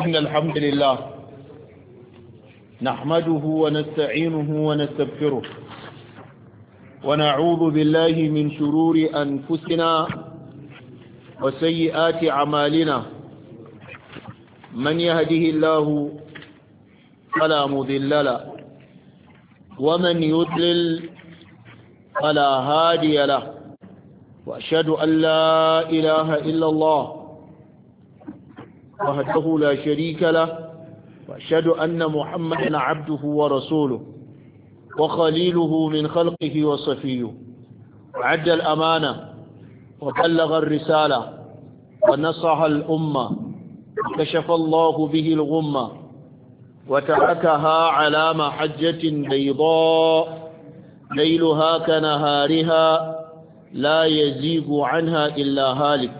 إن الحمد لله نحمده ونستعينه ونستغفره ونعوذ بالله من شرور أنفسنا وسيئات أعمالنا من يهده الله فلا مضل له ومن يضلل فلا هادي له وأشهد أن لا إله إلا الله وحده لا شريك له وأشهد أن محمدا عبده ورسوله وخليله من خلقه وصفيه وعد الأمانة وبلغ الرسالة ونصح الأمة كشف الله به الغمة وتركها على محجة بيضاء ليلها كنهارها لا يزيغ عنها إلا هالك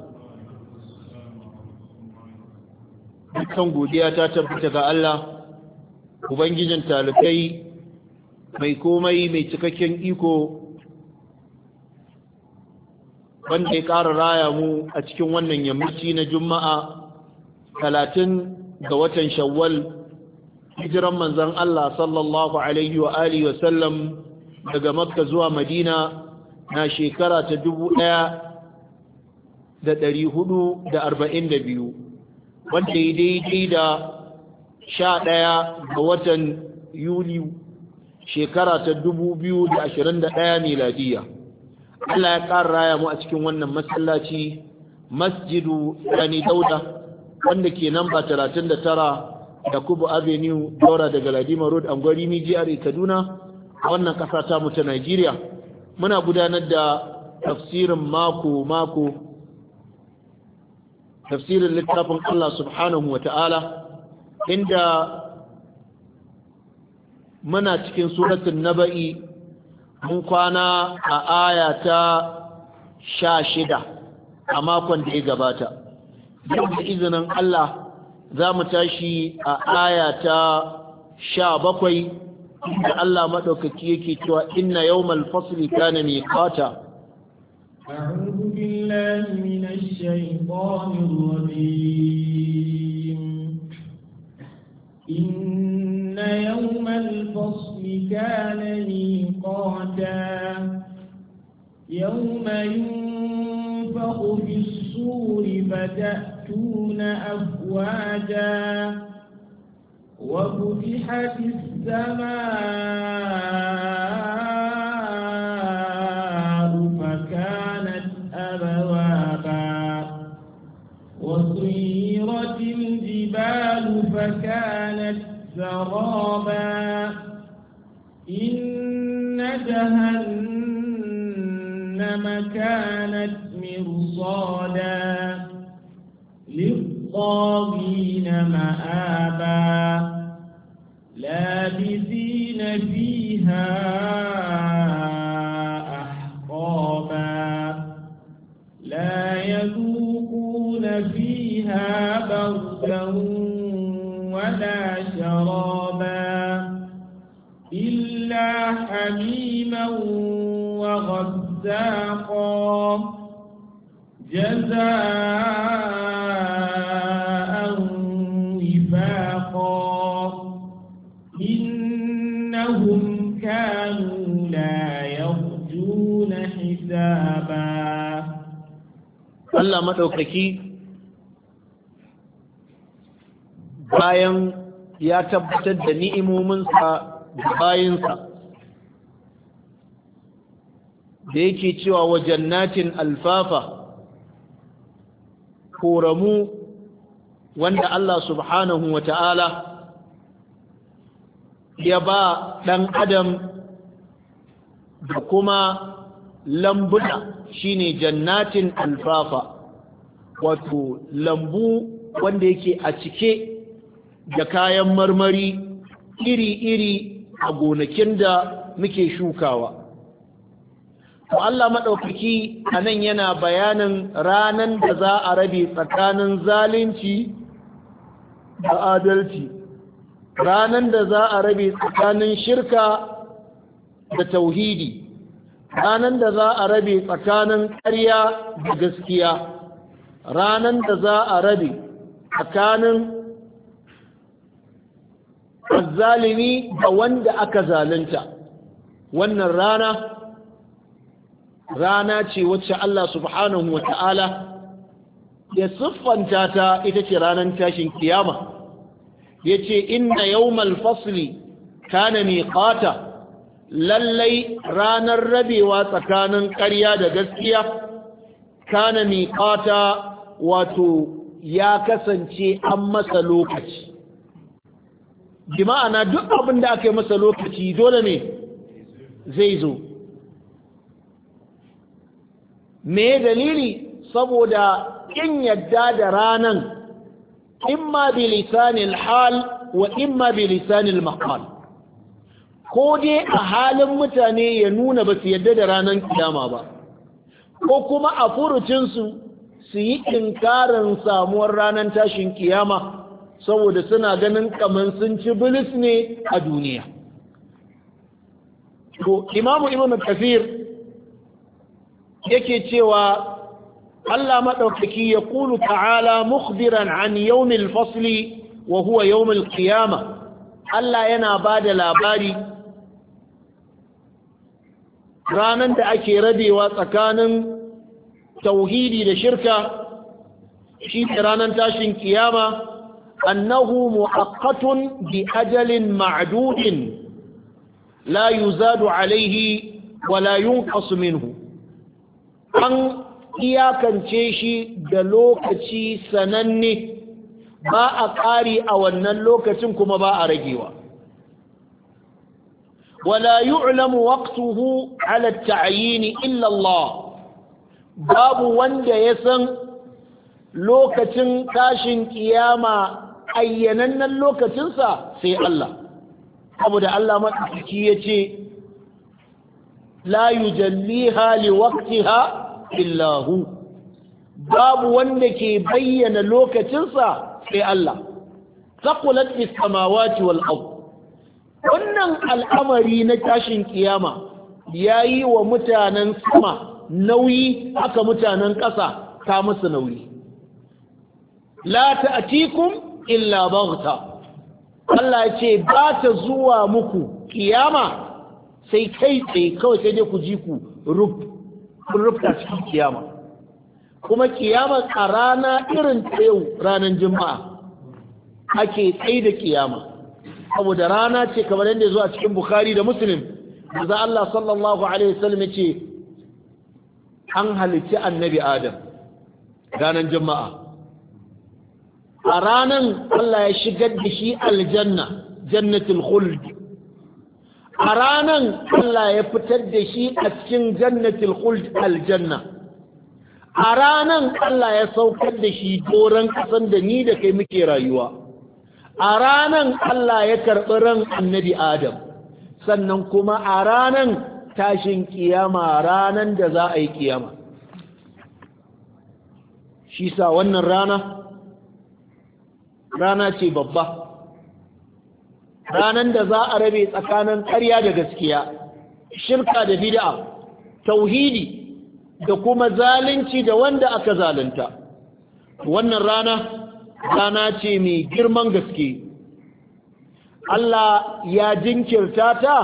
dukkan godiya ta tabbata ga Allah ubangijin talibai mai komai mai cikakken iko wanda ya ƙara raya mu a cikin wannan yammaci na juma'a talatin ga watan shawwal hijiran manzan Allah sallallahu alaihi wa alihi wa sallam daga makka zuwa madina na shekara ta dubu ɗaya da ɗari hudu da arba'in da biyu wanda ya daidai da sha ɗaya ga watan yuli shekara ta dubu biyu da ashirin da ɗaya miladiya Allah ya ƙara raya mu a cikin wannan masallaci masjidu yani dauda wanda ke nan ba talatin da tara da kubu avenue daura daga ladima road angwari mijiyar kaduna a wannan ƙasa ta mu ta nigeria muna gudanar da tafsirin mako mako tafsirin littafin Allah subhanahu wa ta'ala inda muna cikin suratun naba'i mun kwana a aya ta sha shida a makon da ya gabata yau da izinin Allah za mu tashi a aya ta sha bakwai da Allah maɗaukaki yake cewa inna yau fasli kana miqata الشيطان الرجيم إن يوم الفصل كان ميقاتا يوم ينفخ في السور فتأتون أفواجا وفتحت السماء وسيرت الجبال فكانت سرابا إن جهنم كانت مرصادا للطاغين مآبا حميما وغزاقا جزاء وفاقا إنهم كانوا لا يرجون حسابا الله مدوكي bayan بايا يا تبتد ni'imominsa منصا بايا da yake cewa wa jannatin alfafa koramu wanda Allah subhanahu wa ta'ala ya ba ɗan adam da kuma lambuna shine jannatin alfafa wato lambu wanda yake a cike da kayan marmari iri-iri a gonakin da muke shukawa to Allah maɗaukaki a nan yana bayanin ranar da za a rabe tsakanin zalunci da adalci ranar da za a rabe tsakanin shirka da tauhidi ranar da za a rabe tsakanin ƙarya da gaskiya ranar da za a rabe tsakanin zalimi da wanda aka zalunta wannan rana rana ce wacce Allah subhanahu wa ta'ala ya siffanta ta ita ce ranar tashin kiyama ya ce inna yau fasli kana miqata lallai ranar rabewa tsakanin ƙarya da gaskiya kana miqata wato ya kasance an masa lokaci bi ma'ana duk abin da aka yi masa lokaci dole ne zai zo me dalili saboda in yadda da ranan imma bi lisanil hal wa imma bi lisanil maqal ko dai a halin mutane ya nuna ba su yadda da ranan kiyama ba ko kuma a furucin su yi inkarin samuwar ranar tashin kiyama saboda suna ganin kaman sun ci bilis ne a duniya to imamu ibnu kafir yake cewa Allah maɗaukaki ya kulu ta'ala mukhbiran an yawmil fasli wa huwa yawmil qiyama Allah yana ba da labari ranar da ake rabewa tsakanin tauhidi da shirka shi ne ranar tashin kiyama annahu mu'aqqatun bi ajalin ma'dudin la yuzadu alaihi wa la yunqasu minhu an iyakance shi da lokaci sananne ba a ƙari a wannan lokacin kuma ba a ragewa wala yu'lamu waqtuhu ala at-ta'yin illa Allah babu wanda ya san lokacin tashin kiyama ayyanannen lokacinsa sai Allah saboda Allah ya yace la yujalliha liwaqtiha illa babu wanda ke bayyana lokacinsa sai Allah saqulat fis samawati wal ard wannan al'amari na tashin kiyama yayi wa mutanen sama nauyi aka mutanen ƙasa ta musu nauyi la ta'tikum illa baghta Allah ya ce ba ta zuwa muku kiyama sai kai tsaye kawai sai dai ku ji ku rub kun rubta cikin kiyama kuma kiyama a rana irin ta yau ranar juma'a ake tsaye da kiyama saboda rana ce kamar yadda zuwa cikin bukhari da muslim da Allah sallallahu alaihi wasallam ce an halitta annabi adam ranar juma'a a ranan Allah ya shigar da shi aljanna jannatul khuld a ranan Allah ya fitar da shi a cikin jannatul khuld aljanna a ranan Allah ya saukar da shi doron kasan da ni da kai muke rayuwa a ranan Allah ya karɓi ran annabi Adam sannan kuma a ranan tashin kiyama ranan da za a yi kiyama shi sa wannan rana rana ce babba ranan da za a rabe tsakanin ƙarya da gaskiya shirka da bid'a tauhidi da kuma zalunci da wanda aka zalunta wannan rana rana ce mai girman gaske Allah ya jinkirta ta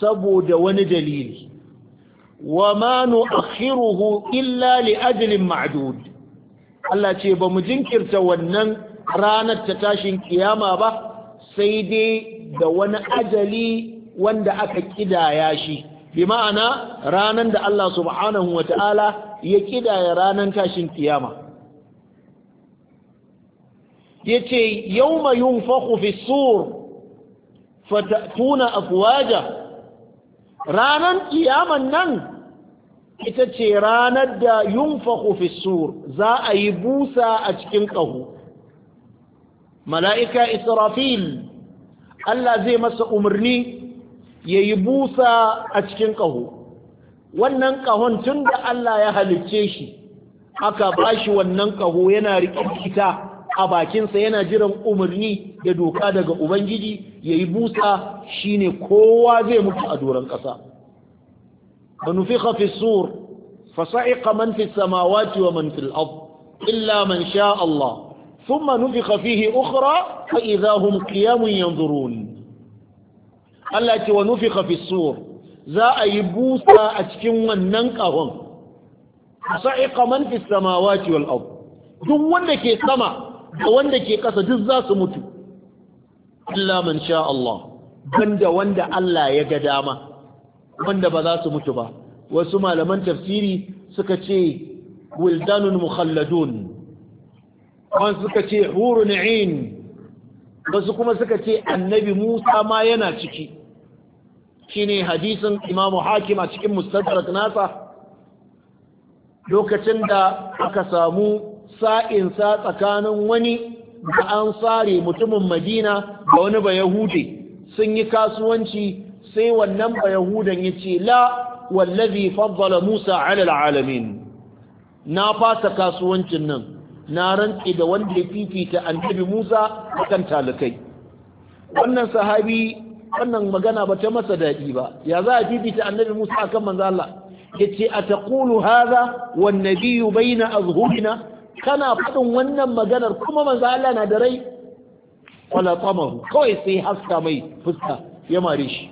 saboda wani dalili wa ma nu'akhiruhu illa li ajlin ma'dud Allah ce ba mu jinkirta wannan ranar ta tashin kiyama ba sai dai da wani ajali wanda aka kidaya shi bi ma'ana ranar da Allah subhanahu wa ta'ala ya kidaya ranar tashin kiyama yace yau yunfakhu fi sur fatatuna afuwaja. Ranar kiyaman nan ita ce ranar da yunfakhu fi sur za a yi busa a cikin ƙaho mala'ika israfil Allah zai masa umarni ya yi busa a cikin ƙaho wannan ƙahon tun da Allah ya halicce shi aka ba shi wannan ƙaho yana riƙe a bakinsa yana jiran umarni da doka daga Ubangiji ya yi busa shi ne kowa zai mutu a doron ƙasa manufika fi sur fasa'iqa man fi samawati wa man fil ard illa man sha Allah ثم نفخ فيه أخرى فإذا هم قيام ينظرون التي ونفخ في الصور ذا أيبوسا أتكن وننقهم صعق من في السماوات والأرض duk wanda ke sama da wanda ke ƙasa duk za mutu illa man sha Allah banda wanda Allah ya ga dama wanda ba za su mutu ba wasu malaman tafsiri suka ce wildanun mukhalladun wasu suka ce hurun ain wasu kuma suka ce annabi Musa ma yana ciki shine hadisin Imam Hakim a cikin Mustadrak nasa lokacin da aka samu sa'in sa tsakanin wani da an sare mutumin Madina da wani ba Yahude sun yi kasuwanci sai wannan ba Yahudan ce, la wallazi faddala Musa alal alamin na fasa kasuwancin nan na rantse da wanda ya fifita annabi Musa kan talakai wannan sahabi wannan magana ba ta masa daɗi ba ya za a fifita annabi Musa akan manzo Allah yace ataqulu hadha wan nabiyyu baina azhurina kana fadin wannan maganar kuma manzo Allah na da rai wala tamahu kawai sai haska mai fuska ya mare shi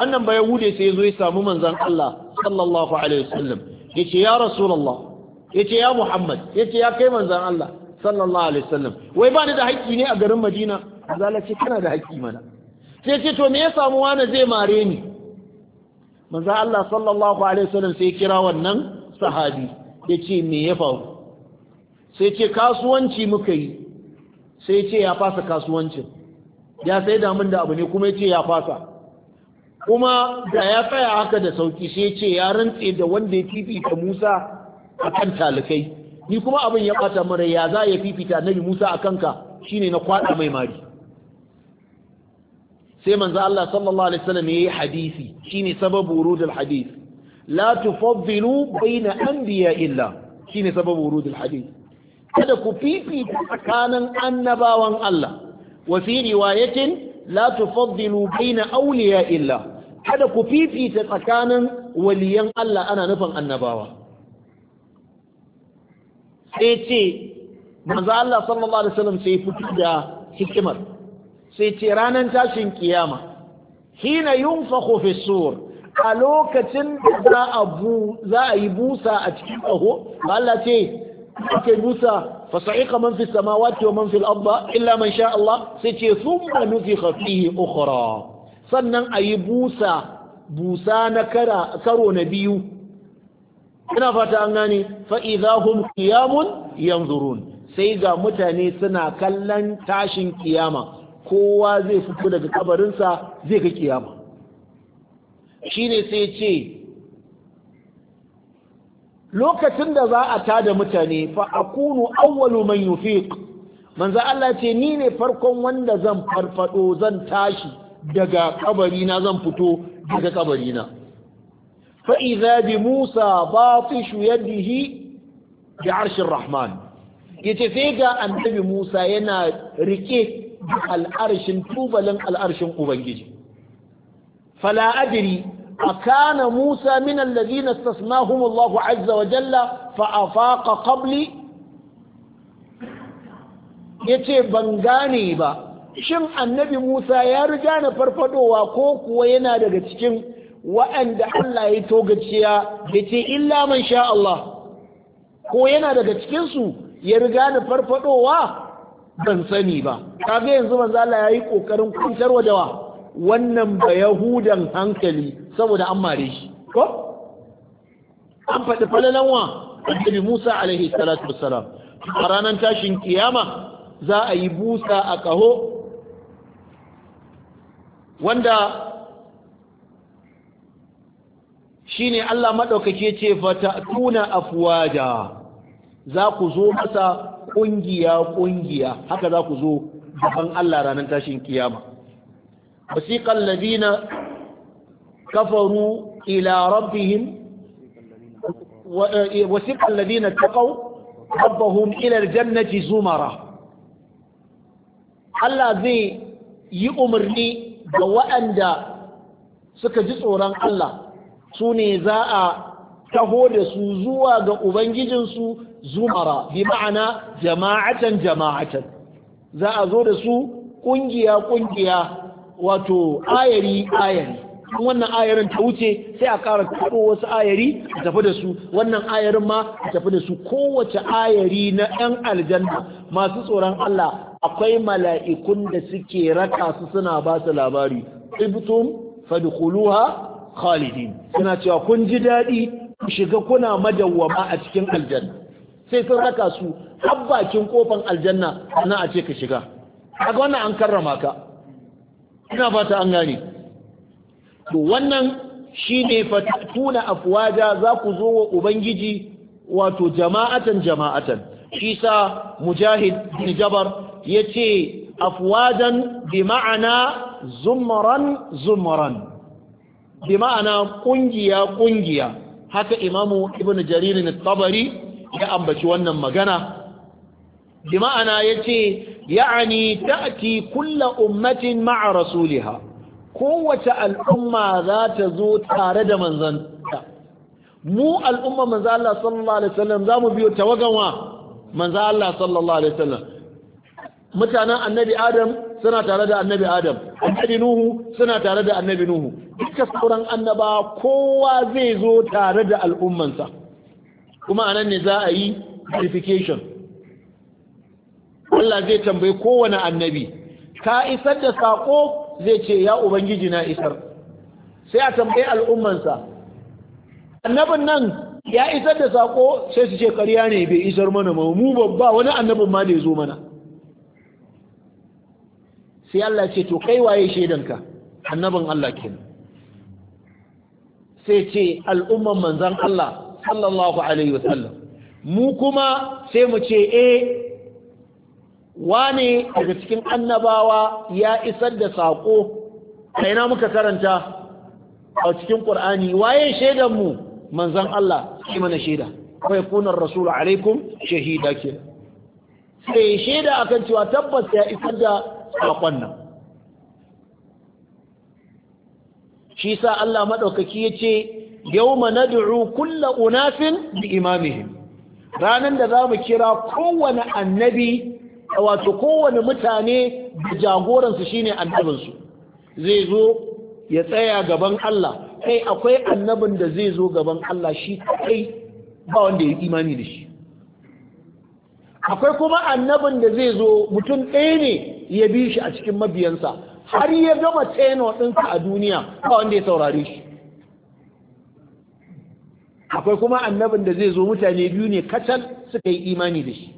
annan ba yahude sai ya zo ya samu manzon Allah sallallahu alaihi wasallam yace ya rasulullah Ya ce ya Muhammad ya ce ya kai manzan Allah sallallahu alaihi wasallam wai ba da haƙƙi ne a garin Madina azala ce kana da haƙƙi mana sai ce to me ya samu wani zai mare ni manzan Allah sallallahu alaihi wasallam sai kira wannan sahabi ya ce me ya faru sai ce kasuwanci muka yi sai ce ya fasa kasuwancin ya sai da min da abu ne kuma ya ce ya fasa kuma da ya tsaya haka da sauki sai ce ya rantse da wanda ya fifita Musa akan talikai ni kuma abin ya bata mara ya za ya fifita annabi Musa akan ka shine na kwaɗa mai mari sai manzo Allah sallallahu alaihi wasallam yayi hadisi shine sababu wurudul hadith la tufaddilu baina anbiya illa shine sababu wurudul hadith kada ku fifita tsakanin annabawan Allah wa fi riwayatin la tufaddilu baina awliya illa kada ku fifita tsakanin waliyan Allah ana nufin annabawa sai ce manzo Allah sallallahu alaihi wasallam sai fito da hikimar sai ce ranar tashin kiyama hina yunfakhu fi sur a lokacin da za a bu za a yi busa a cikin ƙaho Allah ce ake busa fasa'iqa man fi samawati wa man fil ardi illa man sha Allah sai ce thumma nufikha fihi ukhra sannan a yi busa busa na kara karo na biyu ina fata an gane fa idahum yanzurun sai ga mutane suna kallon tashin kiyama kowa zai fito daga kabarinsa zai ga kiyama shine sai ce lokacin da za a tada mutane fa akunu awwalu man yufiq manzo Allah ce ni ne farkon wanda zan farfado zan tashi daga kabari zan fito daga kabarina. فإذا بموسى باطش يده بعرش الرحمن يتفيقى أن تبي موسى ينا ركيه الأرش توبلا الأرش أبنجي فلا أدري أكان موسى من الذين استثناهم الله عز وجل فأفاق قبلي yace ban gane ba shin annabi Musa ya riga na farfadowa ko kuwa yana daga cikin wa'anda Allah ya to gaciya da ce illa man sha Allah ko yana daga cikinsu ya riga da farfadowa ban sani ba kaga yanzu manzo Allah ya yi ƙoƙarin kuntarwa da wannan ba yahudan hankali saboda an mare shi ko an faɗi falalan wa annabi Musa alaihi salatu wassalam a ranar tashin kiyama za a yi busa a kaho wanda shine Allah madaukake ce fatatuna afwaja za ku zo masa kungiya kungiya haka za ku zo gaban Allah ranar tashin kiyama wasiqal ladina kafaru ila rabbihim eh, wasiqal ladina taqaw rabbahum ila aljannati zumara Allah zai yi umarni ga waɗanda suka ji tsoron Allah su ne za a taho da su zuwa ga ubangijinsu zumara bi ma'ana jama'atan jama'atan za a zo da su ƙungiya-ƙungiya wato ayari ayari wannan ayarin ta wuce sai a ƙara taɓo wasu ayari a tafi da su wannan ayarin ma a tafi da su kowace ayari na 'yan aljanna masu tsoron Allah akwai mala'ikun da suke raka su suna ba su labari ibtum fadkhuluha khalidin suna cewa kun ji daɗi ku shiga kuna madawwama a cikin aljanna sai sun raka su har bakin kofan aljanna na a ce ka shiga kaga wannan an karrama ka ina fata an gane to wannan shine fatatuna afwaja za ku zo wa ubangiji wato jama'atan jama'atan Isa mujahid bin jabar yace afwajan bi ma'ana zumran zumran bi ma'ana kungiya kungiya haka imamu ibn jaririn tabari ya ambaci wannan magana bi ma'ana ya ce ya'ani ta'ati kulla ummatin ma'a rasuliha kowace al'umma za ta zo tare da manzanta mu al'umma manzo Allah sallallahu alaihi wasallam zamu biyo tawagan wa Allah sallallahu alaihi wasallam mutanen annabi adam suna tare da annabi adam annabi nuhu suna tare da annabi nuhu duka sauran annaba kowa zai zo tare da al'ummansa kuma anan ne za a yi verification Allah zai tambayi kowane annabi ka isar da sako zai ce ya ubangiji na isar sai a tambayi al'ummansa annabin nan ya isar da sako sai su ce karya ne bai isar mana mu babba wani annabin ma da ya zo mana sai Allah ce to kai waye shaidanka annabin Allah kenan sai ce al'umman manzan Allah sallallahu alaihi wasallam mu kuma sai mu ce eh wane daga cikin annabawa ya isar da saƙo na muka karanta a cikin ƙur'ani waye mu manzan Allah shi mana shaida kawai kunan rasul alaikum shahida ke sai shaida akan cewa tabbas ya isar da kwakwan nan shi sa Allah maɗaukaki ya ce yau duru kulla unafin da imamihim ranar da za mu kira kowane annabi wato kowane mutane da jagoransu shine annabinsu zai zo ya tsaya gaban Allah kai akwai annabin da zai zo gaban Allah shi kai ba wanda ya imani da shi akwai kuma annabin da zai zo mutum ɗaya ne ya bi shi a cikin mabiyansa har ya gama tseno ɗinsa a duniya ba wanda ya saurare shi akwai kuma annabin da zai zo mutane biyu ne kacal suka yi imani da shi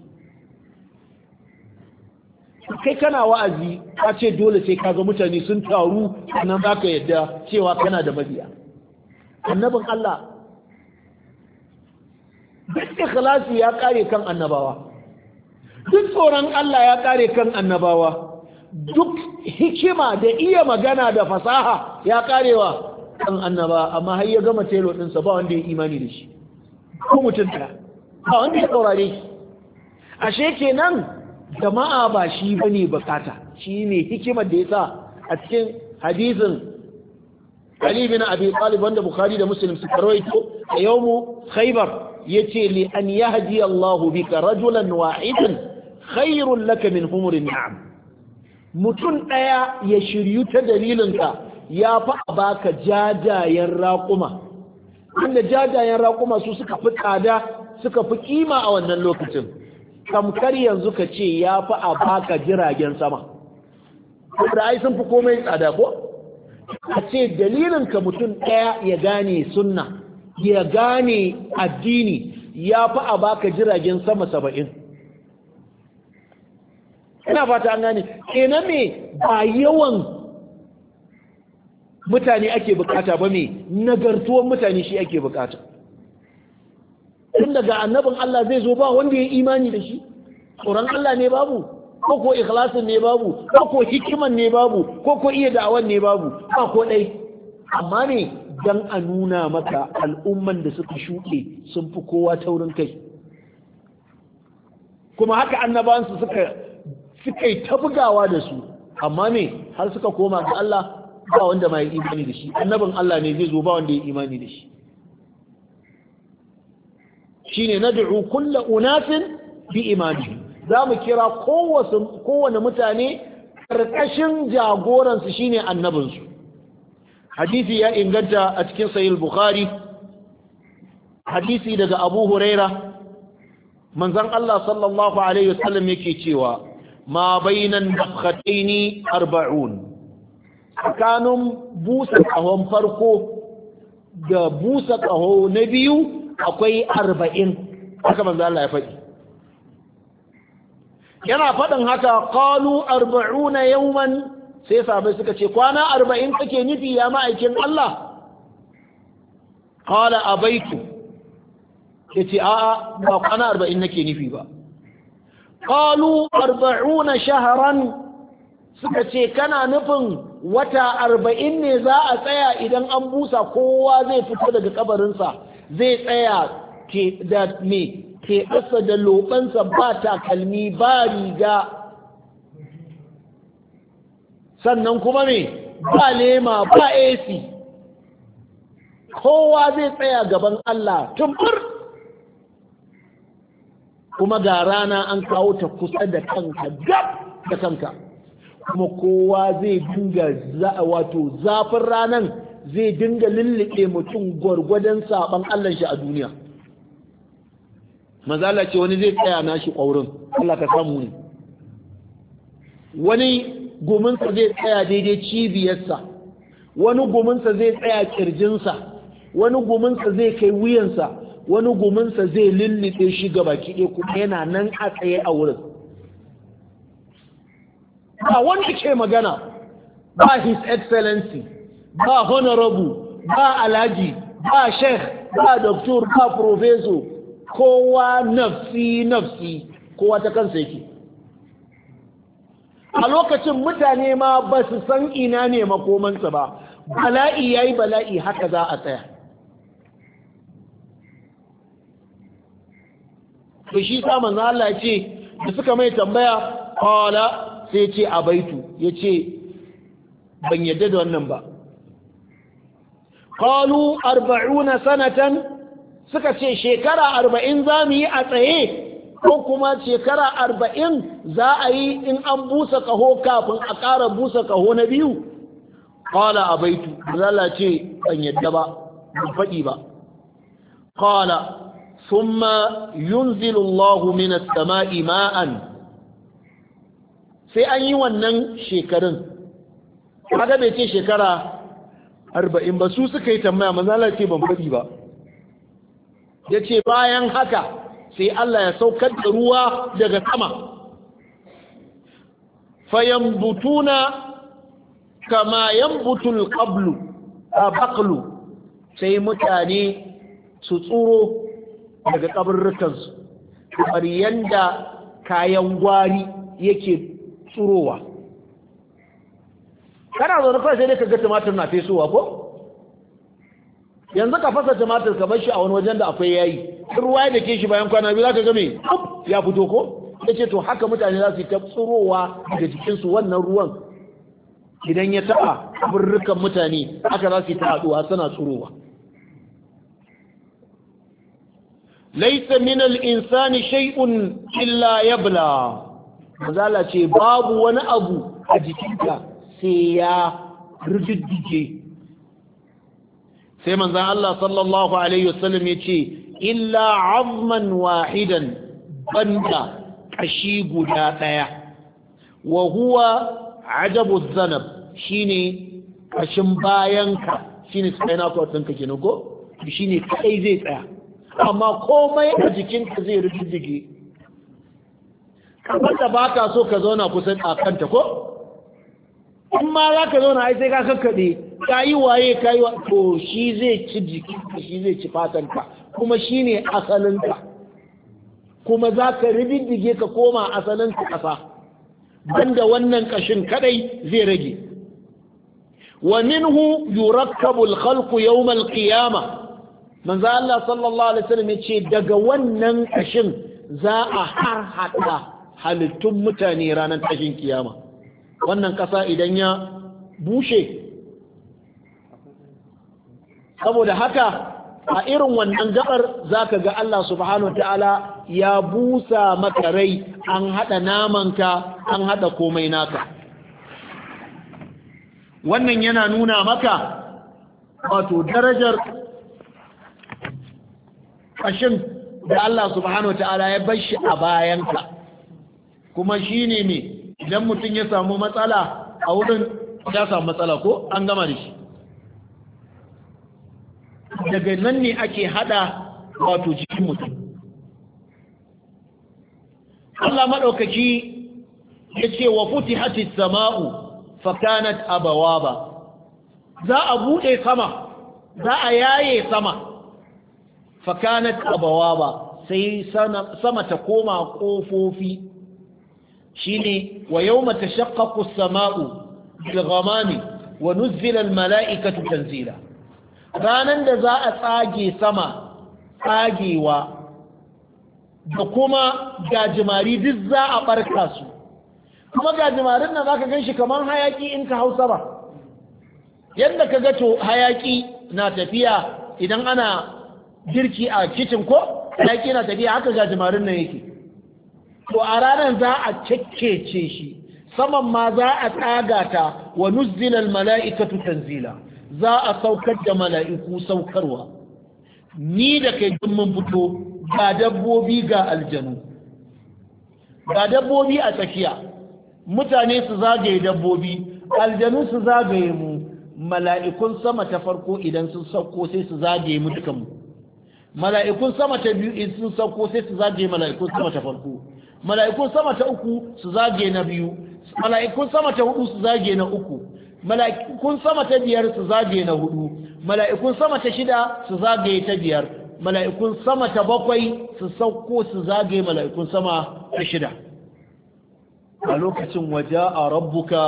kai kana wa'azi ka ce dole sai ka ga mutane sun taru nan za ka yadda cewa kana da mabiya annabin Allah duk ikhlasi ya kare kan annabawa duk tsoron Allah ya kare kan annabawa duk hikima da iya magana da fasaha ya karewa kan annaba amma har ya gama telo ɗinsa ba wanda ya imani da shi ko mutum ba wanda ya saurare shi ashe kenan jama'a ba shi bane bukata shi ne hikimar da ya sa a cikin hadisin Ali bin Abi Talib wanda Bukhari da Muslim suka rawaito a yawmu Khaybar yace li an yahdi Allah bika rajulan wahidan khairun laka min humurin na'am mutum ɗaya ya shiryu ta dalilinka ya fi a baka jajayen raƙuma inda jajayen raƙuma su suka fi tsada suka fi kima a wannan lokacin kamkar yanzu ka ce ya fi a baka jiragen sama da ai sun fi komai tsada ko a ce dalilinka mutum ɗaya ya gane sunna ya gane addini ya fi a baka jiragen sama saba'in ina fata an gane ina me ba yawan mutane ake bukata ba me nagartuwan mutane shi ake bukata tun daga annabin Allah zai zo ba wanda ya imani da shi tsoron Allah ne babu ko ko ikhlasin ne babu ko ko hikiman ne babu ko ko iya da'awan ne babu ba ko dai amma ne dan a nuna maka al'umman da suka shuke sun fi kowa taurin kai kuma haka annabansu suka suka yi ta bugawa da su amma me har suka koma ga Allah ba wanda ma ya imani da shi annabin Allah ne zai zo ba wanda ya imani da shi shine nad'u kullu unasin bi imani za mu kira kowace kowane mutane karkashin jagoransu shine annabinsu hadisi ya inganta a cikin sahih bukhari hadisi daga abu huraira manzon Allah sallallahu alaihi wasallam yake cewa ma bainan nafkhataini arba'un tsakanin busa kahon farko da busa kaho na biyu akwai arba'in haka yana faɗin haka qalu arba'una yawman sai sahabbai suka ce kwana arba'in kake nufi ya ma'aikin Allah qala abaitu yace a'a ba kwana arba'in nake nufi ba Kalu, 40 Shaharan suka ce kana nufin wata arba'in ne za a tsaya idan an busa kowa zai fito daga kabarinsa zai tsaya ke da me ke ƙasa da lobansa ba takalmi ba riga sannan kuma me ba lema ba esi, kowa zai tsaya gaban Allah tumfur kuma ga rana an kawo ta kusa da kanka gab da kanka kuma kowa zai dinga wato zafin ranan zai dinga lullube mutum gwargwadon saban Allah shi a duniya mazala ce wani zai tsaya nashi ƙwaurin Allah ka samu ne wani guminsa zai tsaya daidai cibiyarsa wani guminsa zai tsaya kirjinsa wani guminsa zai kai wuyansa wani guminsa zai lullube shi ga baki ɗaya kuma yana nan a tsaye a wurin ba wanda ke magana ba his excellency ba honorable ba alhaji ba sheikh ba doctor ba professor kowa nafsi nafsi kowa ta kansa yake a lokacin mutane ma ba su san ina ne makomansa ba bala'i ya yi bala'i haka za a tsaya to shi sa manzo Allah ya ce da suka mai tambaya qala sai ya ce abaitu yace ban yadda da wannan ba qalu 40 sanatan suka ce shekara 40 mu yi a tsaye ko kuma shekara arba'in za a yi in an busa kaho kafin a ƙara busa kaho na biyu qala a baitu Allah ce ban yadda ba ban faɗi ba qala ثم ينزل الله من السماء samai sai an yi wannan shekarun kaga bai ce shekara arba'in ba su suka yi tambaya mazala ce ban faɗi ba ya ce bayan haka sai Allah ya saukar da ruwa daga sama fayan butuna kama butul qablu a baklu sai mutane su tsoro daga kaburrukansu kamar yadda kayan gwari yake tsurowa kana zaune kawai sai dai ka ga tumatir na fesowa ko yanzu ka fasa tumatir ka shi a wani wajen da akwai yayi ruwa da ke shi bayan kwana biyu zaka ga me ya fito ko ya ce to haka mutane za su yi ta tsurowa daga jikinsu wannan ruwan idan ya taba burrukan mutane haka za su yi ta haduwa suna tsurowa laisa minal insani shay'un illa yabla mazala ce babu wani abu a jikinka sai ya rujuddige sai manzan Allah sallallahu alaihi wasallam ya ce illa azman wahidan banda kashi guda daya wa huwa ajabu zanab shine kashin bayanka shine spinal cord ɗinka kenan ko shine kai zai tsaya amma komai a jikinka zai rujujjuge kamar da ba ka so ka zauna kusan a kanta ko in ma za ka zauna ai sai ka kakkaɗe ka yi waye ka yi to shi zai ci jikinka shi zai ci fatanka kuma shi ne asalinka kuma za ka rubiddige ka koma asalinka ƙasa banda wannan ƙashin kadai zai rage wa minhu al khalqu al qiyamah manzo Allah sallallahu alaihi wasallam ya ce daga wannan kashin za a har hada halittun mutane ranar tashin kiyama wannan kasa idan ya bushe saboda haka a irin wannan gabar zaka ga Allah subhanahu ta'ala ya busa maka rai an hada ka an hada komai naka wannan yana nuna maka wato darajar kashin da Allah subhanahu wa ta'ala ya bar shi a bayanka kuma shi ne me idan mutum ya samu matsala a wurin ya samu matsala ko an gama da shi daga nan ne ake hada wato jikin mutum Allah maɗaukaki ya ce wa futi hati sama'u fakanat abawaba za a buɗe sama za a yaye sama fakanat abawaba sai sama ta koma ƙofofi shine wa yau mata as-sama'u bil ghamami wa nuzzila malaikatu tanzila ranan da za a tsage sama tsagewa da kuma gajimari duk za a barka su kuma gajimarin nan zaka ganshi kamar hayaki in ka hausa ba yadda ka ga to hayaki na tafiya idan ana girki a kicin ko ɗaki na tafiya haka gajimarin nan yake to a ranar za a cakkece shi saman ma za a tsaga ta wa nuzzilal mala'ikatu tanzila za a saukar da mala'iku saukarwa ni da kai duk mun fito ga dabbobi ga aljanu ga dabbobi a tsakiya mutane su zagaye dabbobi aljanu su zagaye mu mala'ikun sama ta farko idan sun sauko sai su zagaye mu dukanmu mala'ikun sama ta biyu in sun sauko sai su zage mala'ikun sama ta farko mala'ikun sama ta uku su zage na biyu mala'ikun sama ta hudu su zage na uku mala'ikun sama ta biyar su zage na hudu mala'ikun sama ta shida su zage ta biyar mala'ikun sama ta bakwai su sauko su zage mala'ikun sama ta shida a lokacin waje a rabbuka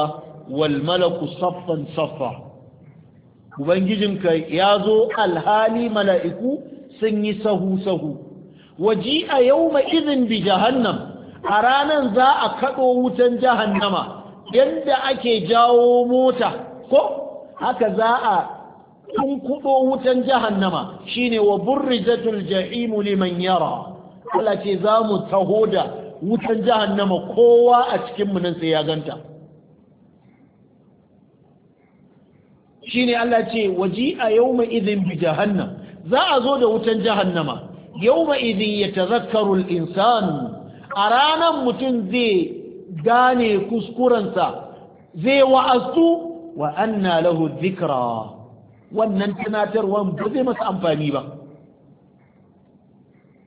wal malaku saffan saffa ubangijinka ya zo alhali mala'iku sun yi sahu-sahu waji a yau izin bi jahannam a ranan za a kaɗo wutan jahannama yadda ake jawo mota ko haka za a kuɗo wutan jahannama shine wa burrijatul ne liman yara Allah ce za mu taho da wutan jahannama kowa a cikinmu nan sai ya ganta shine Allah ce waji a yau izin bi jahannam za a zo da wutan jahannama yawma izin ya tazakarul insan a ranan mutum zai gane kuskurensa zai wa'azu wa na lahu wannan tunatarwan ba zai masa amfani ba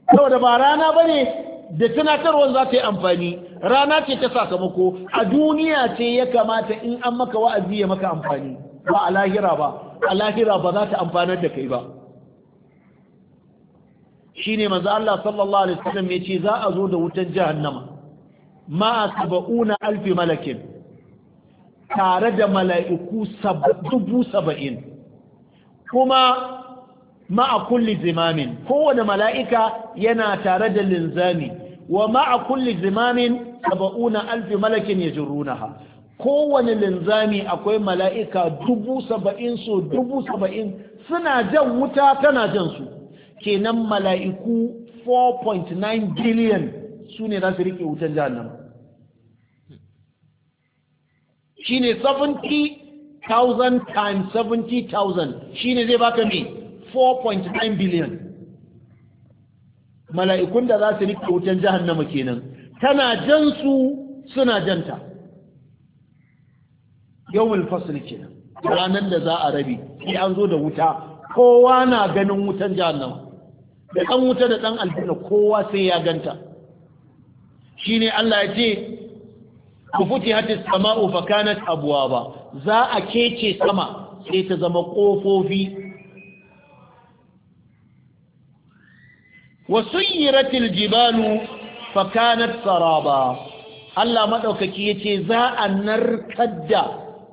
Da ba rana bane da tunatarwan za ta yi amfani rana ce ta sakamako a duniya ce ya kamata in an maka wa'azi ya maka amfani ba a lahira ba a lahira ba za ta amfanar da kai ba shine manzo Allah sallallahu alaihi wasallam yace za a zo da wutan jahannama ma sab'una alf malakin tare da mala'iku 70 kuma ma'a kulli zimamin kowane mala'ika yana tare da linzami wa ma'a kulli zimamin 70 alf malakin yajrunaha kowane linzami akwai mala'ika dubu saba'in so dubu saba'in suna jan wuta tana jan su kenan mala'iku 4.9 billion su ne za su rike wutan jihannan shi ne 70,000 times 70,000 shi ne zai baka mai 4.9 billion mala'ikun da za su rike wutan jahannama kenan tana jan su suna janta yawon fasir kenan ranar da za a rabi sai an zo da wuta kowa na ganin wutan jihannan da ɗan wuta da ɗan aljanna kowa sai ya ganta shine Allah ya ce ku futi hatta sama'u fa kanat abwaba za a kece sama sai ta zama kofofi wa suyiratil jibalu fa kanat saraba Allah madaukaki yace za a narkar da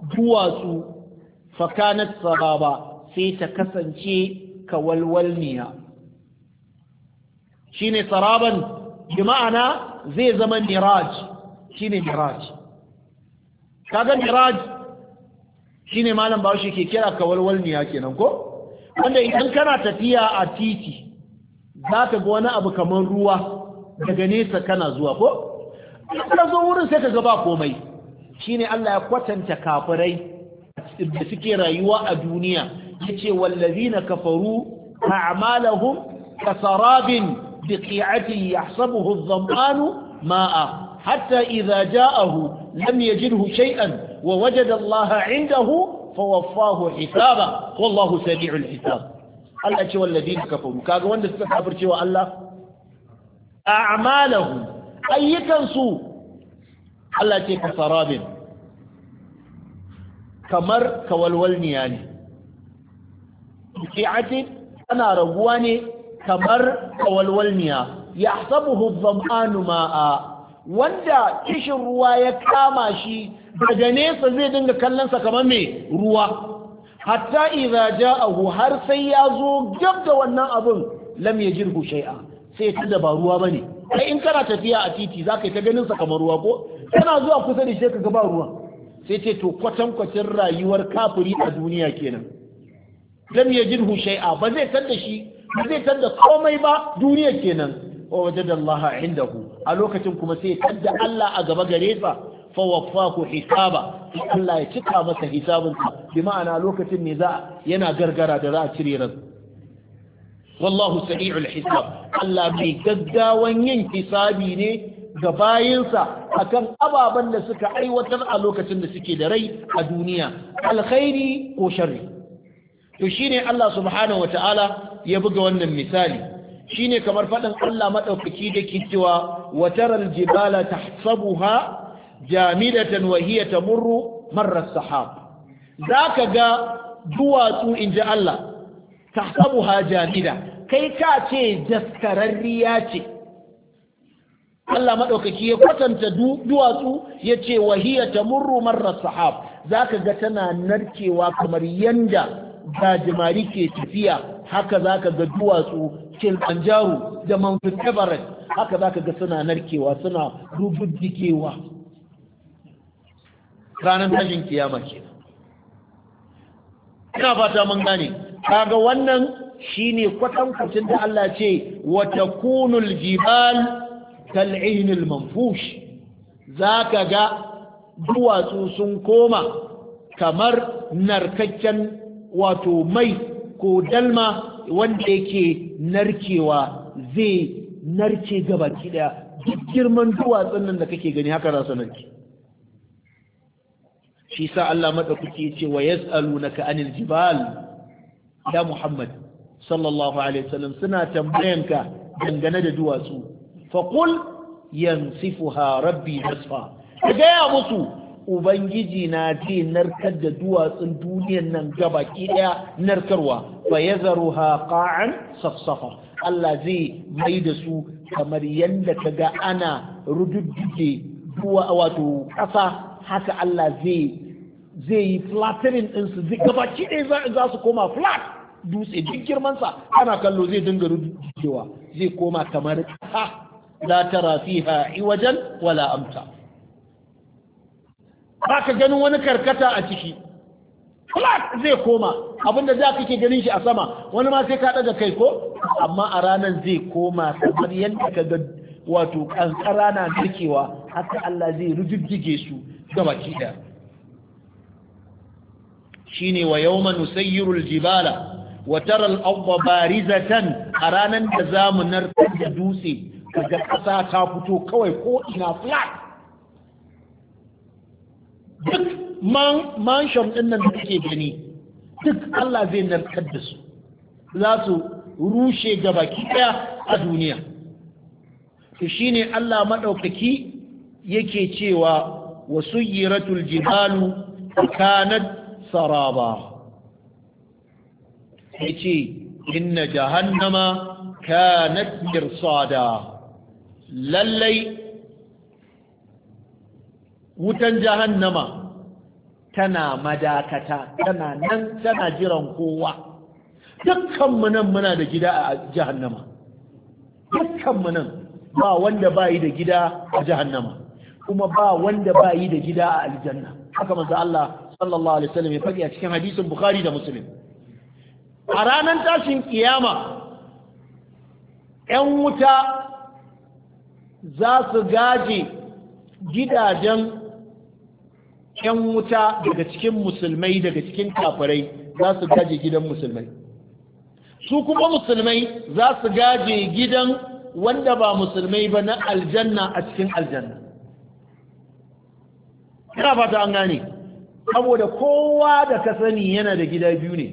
duwatsu fa kanat saraba sai ta kasance kawalwalniya shine saraban bi ma'ana zai zama miraj shine miraj kaga miraj shine malam bawashi ke kira kawalwalniya kenan ko wanda idan kana tafiya a titi zaka ka ga wani abu kamar ruwa daga nesa kana zuwa ko ka zo wurin sai ka ga ba komai shine Allah ya kwatanta kafirai da suke rayuwa a duniya yace wallazina kafaru a'malahum kasarabin بقيعته يحسبه الظمآن ماء حتى إذا جاءه لم يجده شيئا ووجد الله عنده فوفاه حسابا والله سريع الحساب Allah ce wallazi kafaru kaga wanda suka kafircewa Allah a'maluhum ayyukansu Allah ce kasarabin kamar kawalwalniya ne ki'atin ana raguwa ne kamar kawalwalniya yahsabuhu dham'anu ma'a wanda kishin ruwa ya kama shi daga nesa zai dinga kallon sa kamar mai ruwa hatta idza ja'ahu har sai ya zo gab da wannan abun lam yajirhu shai'a sai ta da ba ruwa ne. kai in kana tafiya a titi zaka yi ta ganin sa kamar ruwa ko kana zuwa kusa da shi kaga ba ruwa sai ce to kwatankwacin rayuwar kafiri a duniya kenan lam yajirhu shay'a ba zai san da shi ba zai tadda komai ba duniya kenan wa wajada Allah indahu a lokacin kuma sai tadda Allah a gaba gare sa fa waffaku hisaba Allah ya cika masa hisabin bi ma'ana lokacin ne za yana gargara da za a cire ran wallahu sari'ul hisab Allah bai gaggawan yin hisabi ne ga bayinsa akan ababen da suka aiwatar a lokacin da suke da rai a duniya alkhairi ko sharri to shine Allah subhanahu wataala ya buga wannan misali shine kamar faɗin Allah maɗaukaki da ke cewa wa jibala tahsabuha jamidatan wa hiya tamurru marra sahab zaka ga duwatsu inji Allah tahsabuha jamida kai ka ce daskararriya ce Allah maɗaukaki ya kwatanta duwatsu ya ce wahiya ta murru marar sahab za ka ga tana narkewa kamar yanda gajimari ke tafiya haka za ka ga duwatsu kilimanjaro da mountain everest haka za ka ga suna narkewa suna rubudikewa ranar tashin kiyama ke ina fata mun gane kaga wannan shine kwatankwacin da Allah ce Wata kunul jibal tal'inul manfush ka ga duwatsu sun koma kamar narkakken wato mai ko dalma wanda yake narkewa zai narke gabaki daya duk girman duwatsun nan da kake gani haka za su narke shi sa Allah madaukaki ya ce wa yas'alunaka anil jibal ya Muhammad sallallahu alaihi wasallam suna tambayanka dangane da duwatsu faqul yansifuha rabbi nasfa ga ya musu ubangiji na ce narkar da duwatsun duniyan nan gaba ɗaya narkarwa fa yazaruha qa'an safsafa Allah zai mai da su kamar yadda kaga ana rududduke duwa wato ƙasa haka Allah zai zai yi flattering din su zai gaba ɗaya za su koma flat dutse duk girmansa ana kallo zai dinga rududdukewa zai koma kamar ƙasa ta rafi fiha iwajan wala amsa. ba ka ganin wani karkata a ciki flat zai koma abinda za ka ke ganin shi a sama wani ma sai ka ɗaga kai ko amma a ranar zai koma kamar yadda ka ga wato kankara na cikewa haka Allah zai rujujjige su gabaki shi shine wa yawma nusayyirul jibala wa tara al-ardha a ranar da zamu narkar da dutse ga kasa ta fito kawai ko ina flat duk manshon ɗin nan da kake gani duk Allah zai narkar da su za su rushe gabaki ɗaya a duniya to shine Allah maɗaukaki yake cewa wasu yiratul jibalu kanat saraba yace inna jahannama kanat mirsada lallai wutan jahannama tana madakata tana nan tana jiran kowa mu nan muna da gida a jahannama mu nan ba wanda ba yi da gida a jahannama kuma ba wanda ba yi da gida a aljanna haka manzo Allah sallallahu alaihi wasallam ya faɗi a cikin hadisin Bukhari da Muslim a ranar tashin kiyama ‘yan wuta za su gaje gidajen 'yan wuta daga cikin musulmai daga cikin kafirai za su gaje gidan musulmai su kuma musulmai za su gaje gidan wanda ba musulmai ba na aljanna a cikin aljanna ina fata an gane saboda kowa da ka sani yana da gida biyu ne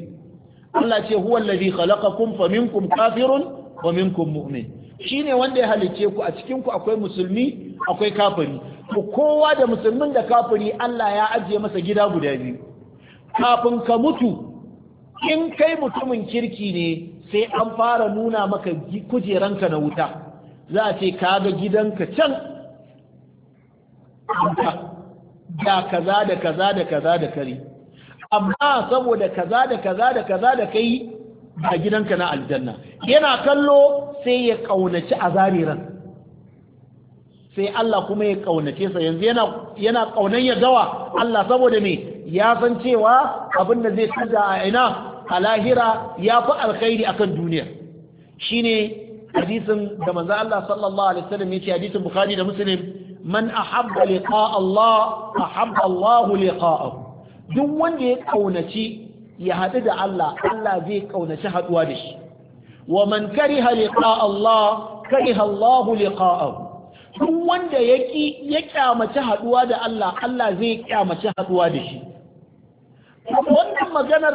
Allah ce huwa allazi khalaqakum faminkum kafirun wa minkum mu'min shine wanda ya halicce ku a cikin ku akwai musulmi akwai kafiri to kowa da musulmin da kafiri Allah ya ajiye masa gida guda biyu kafin ka mutu in kai mutumin kirki ne sai an fara nuna maka kujeranka na wuta za a ce ka ga gidanka can da kaza da kaza da kaza da kari amma saboda kaza da kaza da kaza da kai a gidanka na aljanna yana kallo sai ya kaunaci azariran sai Allah kuma ya kaunace sa yanzu yana yana kaunan ya gawa Allah saboda me ya san cewa abin da zai tada a ina a lahira ya fi alkhairi akan duniya shine hadisin da manzo Allah sallallahu alaihi wasallam yace hadisin Bukhari da Muslim man ahabba liqa Allah ahabba Allah liqa'ahu duk wanda ya kaunaci ya haɗu da Allah Allah zai kaunaci haɗuwa da shi wa man kariha liqa Allah kariha Allah liqa'ahu duk wanda ya ya kyamaci haduwa da Allah Allah zai kyamaci haduwa da shi wannan maganar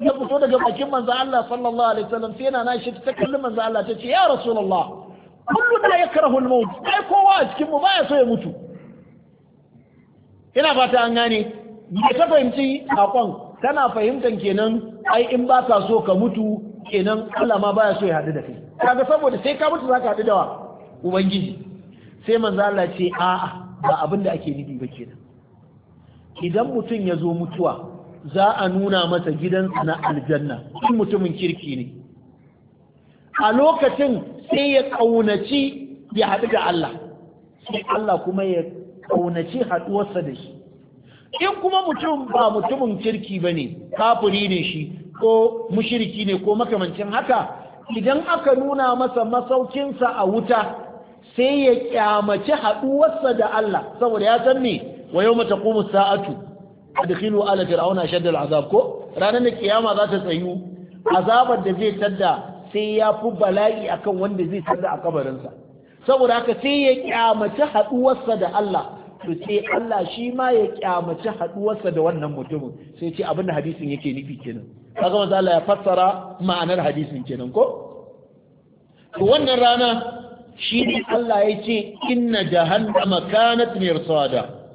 ya fito daga bakin manzo Allah sallallahu alaihi wasallam sai yana nashi ta kallon manzo Allah ta ce ya rasulullah kullu da yakrahu al-maut ai kowa a cikin mu baya so ya mutu ina fata an gane me ta fahimci akon tana fahimtan kenan ai in ba ka so ka mutu kenan Allah ma baya so ya hadu da kai kaga saboda sai ka mutu zaka hadu da wa ubangiji sai manzo ce a'a ba abin da ake nufi ba kenan idan mutum ya zo mutuwa za a nuna masa gidansa na aljanna in mutumin kirki ne a lokacin sai ya kaunaci ya haɗu da Allah sai Allah kuma ya kaunaci haɗuwarsa da shi in kuma mutum ba mutumin kirki ba ne kafiri ne shi ko mushiriki ne ko makamancin haka idan aka nuna masa masaukinsa a wuta sai ya kyamaci haɗuwarsa da Allah saboda ya san ne wa yau mata kuma sa'atu adkhilu ala fir'auna shadda azab, ko ranar da kiyama za ta tsayu azabar da zai tadda sai ya fi bala'i akan wanda zai tadda a kabarinsa saboda haka sai ya kyamaci haɗuwarsa da Allah to sai Allah shi ma ya kyamaci haɗuwarsa da wannan mutumin sai ce abin da hadisin yake nufi kenan kaga manzo Allah ya fassara ma'anar hadisin kenan ko to wannan rana shi ne Allah ya ce inna jahannama kanat mirsada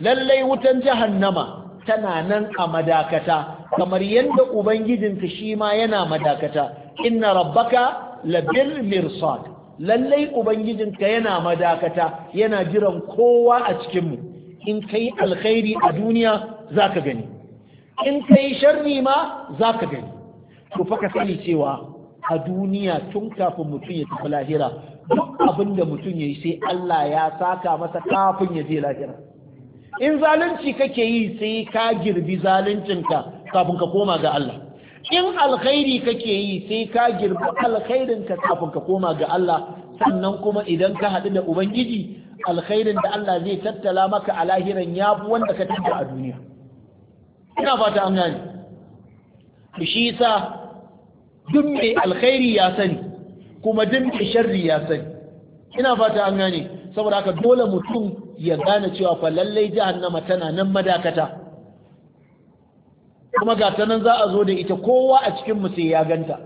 lallai wutan jahannama tana nan a madakata kamar yadda ubangijinka shi ma yana madakata inna rabbaka labil mirsad lallai ubangijinka yana madakata yana jiran kowa a mu. in kai alkhairi a duniya za ka gani in kai sharri ma za ka gani ku faka sani cewa a duniya tun kafin mutum ya tafi lahira duk abin da mutum ya yi sai Allah ya saka masa kafin ya je lahira in zalunci kake yi sai ka girbi zaluncinka kafin ka koma ga Allah in alkhairi kake yi sai ka girbi alkhairinka kafin ka koma ga Allah sannan kuma idan ka haɗu da ubangiji alkhairin da Allah zai tattala maka a lahiran ya fi wanda ka tattala a duniya ina fata an gane shi yasa duk mai alkhairi ya sani kuma duk sharri ya sani ina fata an gane saboda haka dole mutum ya gane cewa fa lallai jahannama tana nan madakata kuma ga ta nan za a zo da ita kowa a cikin mu sai ya ganta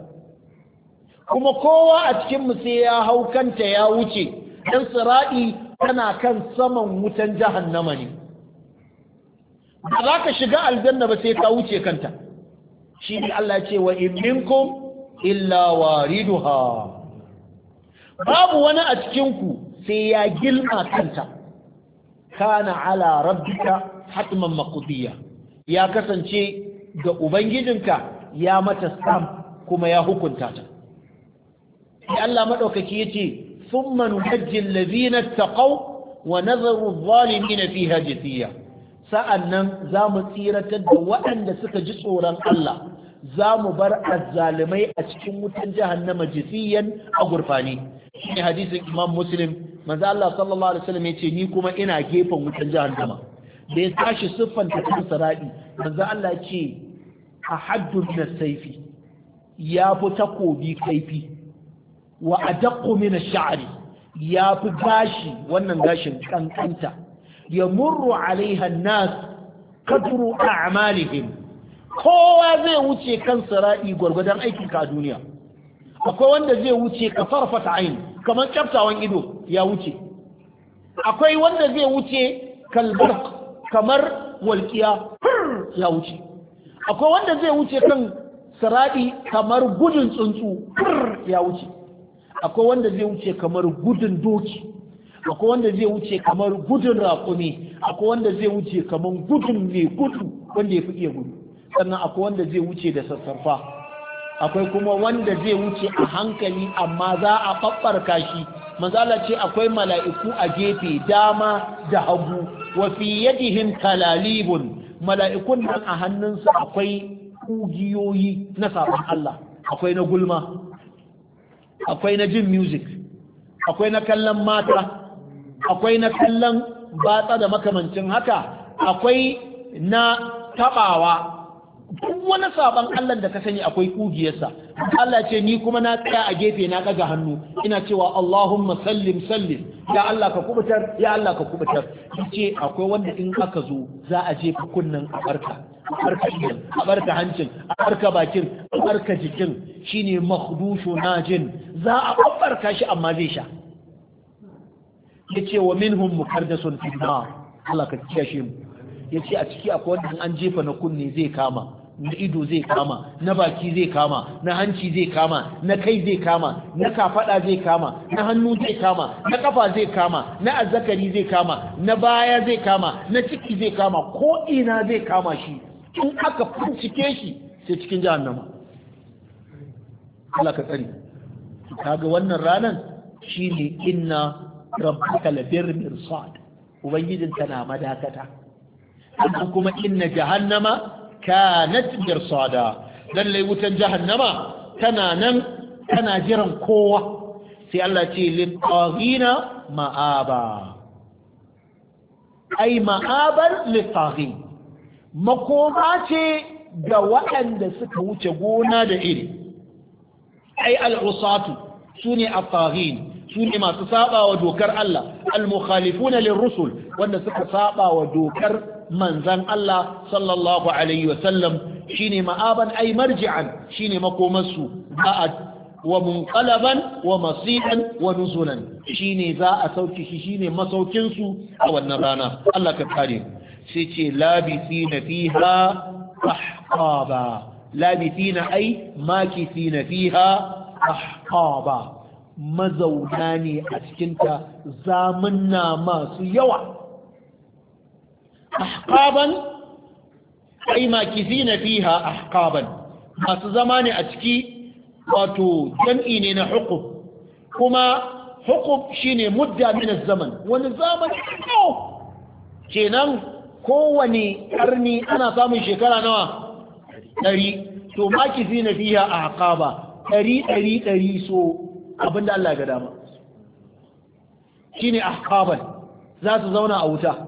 kuma kowa a cikin mu sai ya hau kanta ya wuce dan sira'i tana kan saman wutan jahannama ne ba za ka shiga aljanna ba sai ka wuce kanta shi ne Allah ce wa in minkum illa wariduha babu wani a cikinku sai ya gilma kanta kana ala rabbika hatman maqdiya ya kasance ga ubangijinka ya mata sam kuma ya hukunta ta Allah madaukaki yace thumma nunajji allazina taqaw wa nadharu adh-dhalimina fiha jithiya sa'annan zamu tsiratar da waɗanda suka ji tsoron Allah zamu bar azzalimai a cikin wutan jahannama jithiyan a gurfani shine hadisin Imam Muslim manzo Allah sallallahu alaihi wasallam yace ni kuma ina gefen wutan jahannama da ya tashi siffanta kansa radi manzo Allah ce ahaddu min saifi ya fi takobi kaifi wa adaqqu min ash-sha'ri ya fi gashi wannan gashin kankanta murru alaiha an-nas qadru a'malihim kowa zai wuce kan saradi gwargwadon aikin ka duniya akwai wanda zai wuce ka farfata aini kamar tsaftawan ido ya wuce akwai wanda zai wuce kalbar kamar walƙiya ya wuce akwai wanda zai wuce kan saradi kamar gudun tsuntsu ya wuce akwai wanda zai wuce kamar gudun doki akwai wanda zai wuce kamar gudun raƙumi akwai wanda zai wuce kamar gudun mai gudu wanda ya fi iya gudu sannan akwai wanda zai wuce da sassarfa akwai kuma wanda zai wuce a hankali amma za a ɓaɓɓarka kashi. manzala ce akwai mala'iku a gefe dama da hagu wafi yadihim talalibun mala'ikun nan a hannunsa akwai ƙugiyoyi na sabon Allah akwai na gulma akwai na jin music akwai na kallon mata akwai na kallon batsa da makamancin haka akwai na taɓawa duk wani sabon Allah da ka sani akwai kugiyarsa Allah ce ni kuma na tsaya a gefe na daga hannu ina cewa Allahumma sallim sallim ya Allah ka kubutar ya Allah ka kubutar ce akwai wanda in aka zo za a jefa kunnan a barka a barka idan a barka hancin a barka bakin a barka jikin shine makhdushu najin za a barka shi amma zai sha yace wa minhum mukardasun fi nar Allah ka kiyashe mu ya ce a ciki akwai wanda an jefa na kunne zai kama na ido zai kama na baki zai kama na hanci zai kama na kai zai kama na kafada zai kama na hannu zai kama na kafa zai kama na azzakari zai kama na baya zai kama na ciki zai kama ko ina zai kama shi in aka fincike shi sai cikin jahannama Allah ka tsari kaga wannan ranan shine inna rabbaka bir mirsad ubangijin tana madakata kuma inna jahannama كانت مرصادا لن يوتن جهنم تنا نم تنا قوة في التي للطاغين مآبا أي مآبا للطاغين مقوماتي دواء دسك وتقونا دعيري أي العصاة سنع الطاغين سنع ما تصابا ودوكر الله المخالفون للرسل وان سك صابا ودوكر manzan Allah sallallahu alaihi wasallam shine ma'aban ay marji'an ne makomarsu ba'ad wa munqalaban wa masihan wa nuzulan shine za a sauke shi shine masaukin su a wannan rana Allah ka kare sai ce labithina fiha ahqaba labithina ai makithina fiha ahqaba mazauna ne a ta zamanna masu yawa ahqaban ay makithina fiha ahqaban masu zama ne a ciki wato jam'i ne na hukum, kuma hukub shine mudda min zaman wani zamani kenan kowane karni ana samun shekara nawa ɗari to makithina fiha ahqaba ɗari ɗari ɗari so abinda Allah ga dama shine ahqaban za su zauna a wuta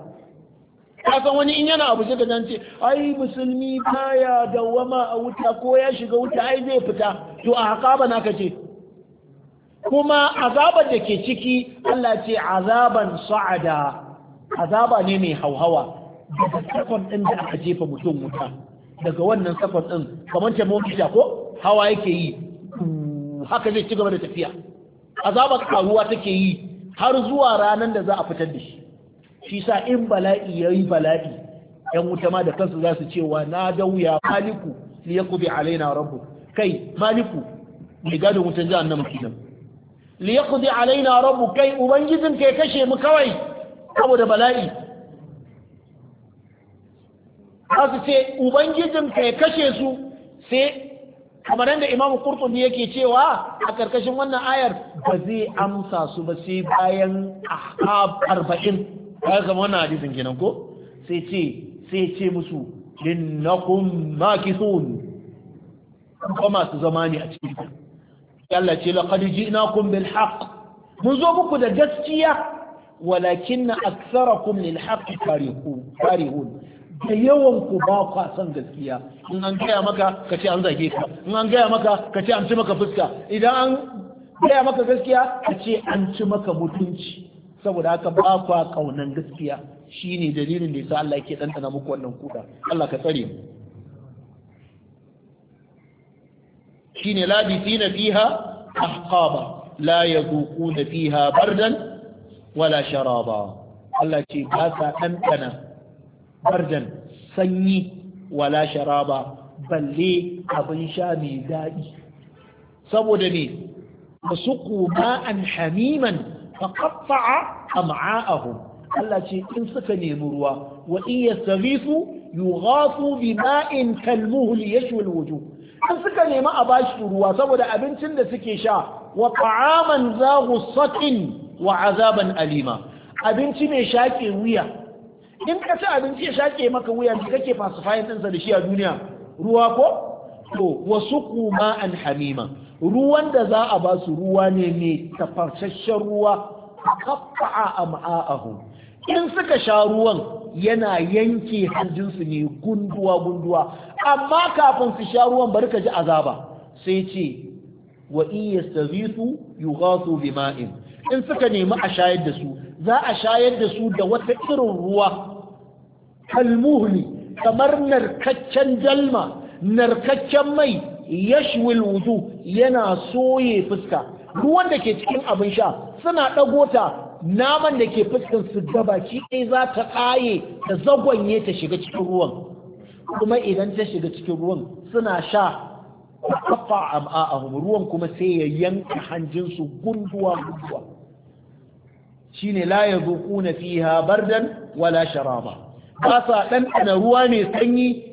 ka san wani in yana abu sai ka ai musulmi baya dawwama a wuta ko ya shiga wuta ai zai fita to a haƙaba na ka ce kuma azabar da ke ciki Allah ce azaban sa'ada azaba ne mai hauhawa daga sakon ɗin da aka jefa mutum wuta daga wannan sakon ɗin kamar ta mokita ko hawa yake yi haka zai ci gaba da tafiya azabar karuwa take yi har zuwa ranar da za a fitar da shi shi sa in bala'i ya yi bala'i yan wuta ma da kansu za su cewa na dauya maliku li yaqbi alaina rabu, kai maliku mai gadon wutan jahannama kenan li yaqdi alaina rabu, kai ubangijin kai kashe mu kawai saboda bala'i za su ce ubangijin kai kashe su sai kamar yadda imamu ne yake cewa a karkashin wannan ayar ba zai amsa su ba sai bayan ahab arba'in kaga kamar wannan hadisin kenan ko sai ce sai ce musu innakum makithun ko masu zama ne a cikin Allah ce laqad ji'nakum bil haqq mun zo muku da gaskiya walakin aktharakum lil haqq karihun da yawan ku ba kwa san gaskiya in an gaya maka ka ce an zage ka in an gaya maka ka ce an ci maka fuska idan an gaya maka gaskiya ka ce an ci maka mutunci saboda haka ba kwa kaunan gaskiya shine dalilin da yasa Allah yake dandana muku wannan kuda Allah ka tsare mu shine labithina fiha ahqaba la yazuquna fiha bardan wala sharaba Allah ce ba sa bardan sanyi wala sharaba balle abin sha mai daɗi saboda ne ba su an hamiman a am'a'ahum Allah ce in suka nemi ruwa wa in yastaghifu yughafu ya kalmuhl yashwi in suka nemi a bashi ruwa saboda abincin da suke sha wa ta'aman za ghussatin wa azaban alima abinci mai shaƙe wuya in ka ci abinci ya shake maka wuya da kake fasifayin ɗinsa da shi a duniya ruwa ko to wasu kuma an hamima ruwan da za a ba su ruwa ne mai tafarsashen ruwa kafa'a a ma'a'ahu in suka sha ruwan yana yanke hanjinsu ne gunduwa-gunduwa amma kafin su sha ruwan bari ka ji azaba sai ce wa iya stazifu yughasu bima'in in suka nemi a shayar da su za a shayar da su da wata irin ruwa kalmuhli kamar narkaccen dalma narkaccen mai yashwil wudu yana soye fuska ruwan da ke cikin abin sha suna ɗago ta naman da ke fuskan su baki ɗaya za ta tsaye ta zagonye ta shiga cikin ruwan kuma idan ta shiga cikin ruwan suna sha kafa am'a'ahum ruwan kuma sai ya yanka hanjinsu gunduwa gunduwa shine la yazuquna fiha bardan wala sharaba ba sa ɗanɗana ruwa mai sanyi